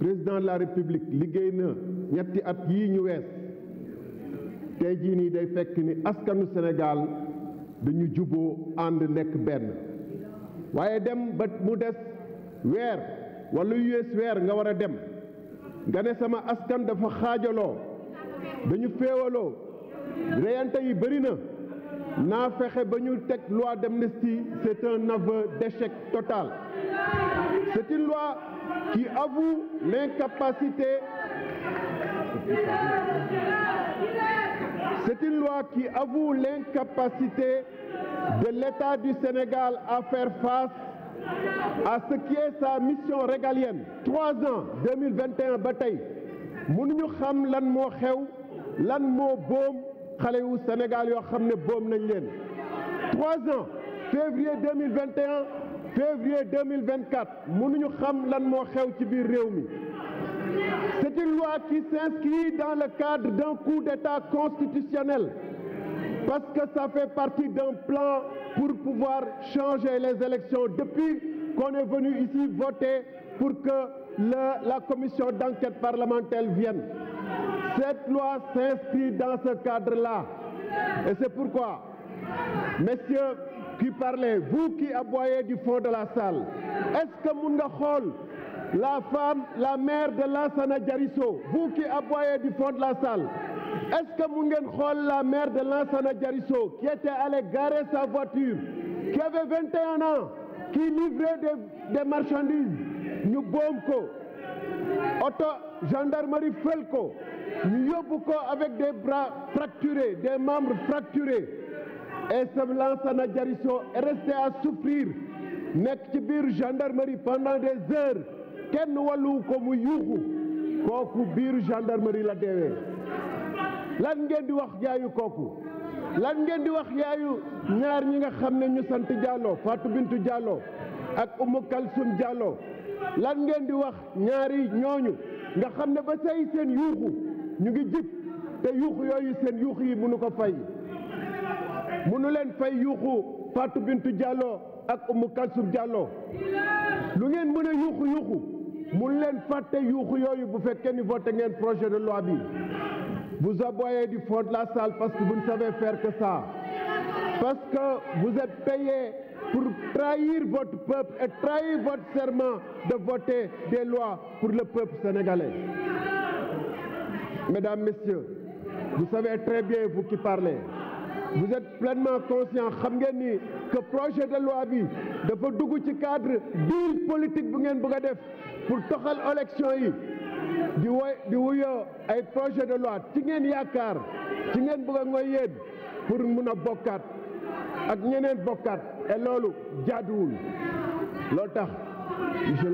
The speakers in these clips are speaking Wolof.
président la république liggéey na ñetti at yi ñu wees tey jii nii day fekk ni askanu Sénégal dañu juboo ànd nekk benn waaye dem ba mu des weer wala yu weer nga war a dem nga ne sama askan dafa xaajaloo dañu féewaloo reyante yi bëri na naa fexe ba ñu teg loi d'amnistie c'est un aveu d'échec total C'est une loi qui avoue l'incapacité C'est une loi de l'État du Sénégal à faire face à ce qui est sa mission régalienne trois ans ba tey mënuñu xam lan moo xew lan moo boom xale yu Sénégal yoo xam ne boom nañ leen trois ans février février 2024 mënuñu xam lan moo xew ci biir réew mi c'est une dans le cadre d'un coup d'état constitutionnel parce que ça partie d'un plan pour pouvoir changer les élections depuis qu'on est venu ici voter pour que le, la commission d'enquête parlementaire vienne. Cette loi s'inscrit dans ce cadre-là. Et c'est pourquoi, messieurs, qui parlait, vous qui aboyez du fond de la salle, est-ce que Munga Khol, la femme, la mère de Lansana Diarisso, vous qui aboyez du fond de la salle, est-ce que Mungen Khol, la mère de Lansana Diarisso, qui était allée garer sa voiture, qui avait 21 ans, qui livrait des, des marchandises, nous bombe auto gendarmerie felko, nous avec des bras fracturés, des membres fracturés, et semblant sana Jariso est resté nekk ci biir gendarmerie pendant des heures kenn wàllu ko mu yuuxu kooku biir gendarmerie la deewee lan ngeen di wax yaayu kooku lan ngeen di wax yaayu ñaar ñi nga xam ne ñu sant Diallo Fatou bintu Diallo ak Oumou Kalsoum Diallo lan ngeen di wax ñaari ñooñu nga xam ne ba say seen yuuxu ñu ngi jib te yuuxu yooyu seen yuuxu yi mënu ko fay mënu leen fay yuuxu Fatou bintu Diallo ak Oumou Kalsoum Diallo lu ngeen mën a yuuxu yuuxu mënu leen fàtte yuuxu yooyu bu fekkee ni voté ngeen projet de loi bi vous aboyez du fond la salle parce que vous ne savez faire que ça parce que vous êtes payé pour trahir votre peuple et trahir votre serment de voter des lois pour le peuple sénégalais. Mesdames, Messieurs, vous savez très bien, vous qui parlez, vous êtes pleinement conscient xam ngeen ni que projet de loi bi dafa dugg ci cadre deal politique bu ngeen bëgg a def pour toxal élection yi di woy di wuyoo ay projet de loi ci ngeen yaakaar ci ngeen bëgg a ngoy yéen pour mun a bokkaat ak ñeneen bokkaat et loolu jaaduwul loolu tax monsieur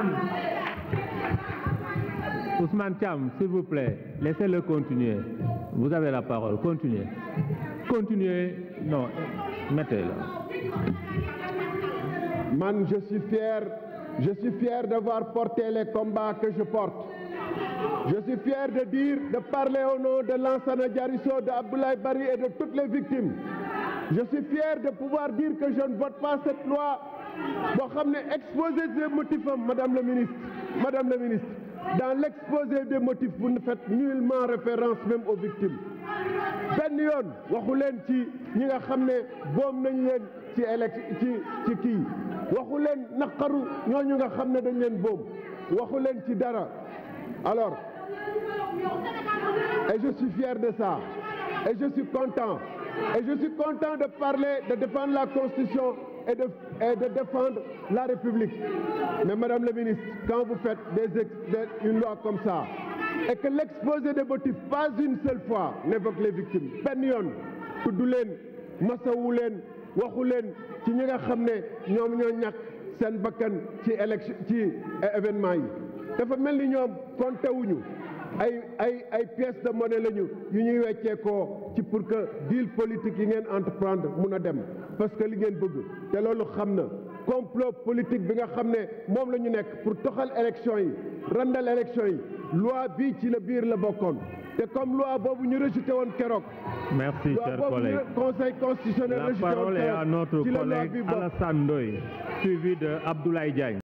Ousmane Ousmane Thiam, s'il vous plaît, laissez-le continuer. Vous avez la parole, continuez. non, mettez-le. Man, je suis fier, d'avoir porté les combats que je porte. Je suis fier de parler au nom de Lansana Diarisso, de Abdoulaye Barry et de toutes les victimes. Je suis fier de pouvoir dire que je ne vote pas cette loi boo xam ne exposé des motifs am madame la ministre madame la ministre dans l' exposé des motifs vous ne faites nullement référence même aux victimes benn yoon waxu leen ci ñi nga xam ne boom nañu leen ci élection ci ci kii waxu leen naqaru ñooñu nga xam ne dañ leen boobu waxu leen ci dara alors et je suis fier de ça et je suis content et je suis content de parler de défendre la constitution et de, et de défendre la République. Mais Madame la Ministre, quand vous faites des, des, une loi comme ça, et que l'exposé des motifs, pas une seule fois, n'évoque les victimes, benn yoon tudd leen masawu leen waxu leen ci ñi nga xam ne ñoom ñoo ñàkk seen bakkan ci élection ci événement yi dafa mel ni ñoom kontewuñu ay ay ay pièces de monnaie lañu yu ñuy wecceekoo ci pour que deal politique yi ngeen entreprendre mun a dem parce que li ngeen bëgg te loolu xam na complot politique bi nga xam ne moom la ñu nekk pour toxal élection yi randal élection yi loi bi ci la biir la bokkoon te comme loi boobu ñu rejeté woon keroog. merci cher collègue conseil constitutionnel rejeté woon keroog la parole est à notre collègue Alassane Ndoye suivi de Abdoulaye Diagne.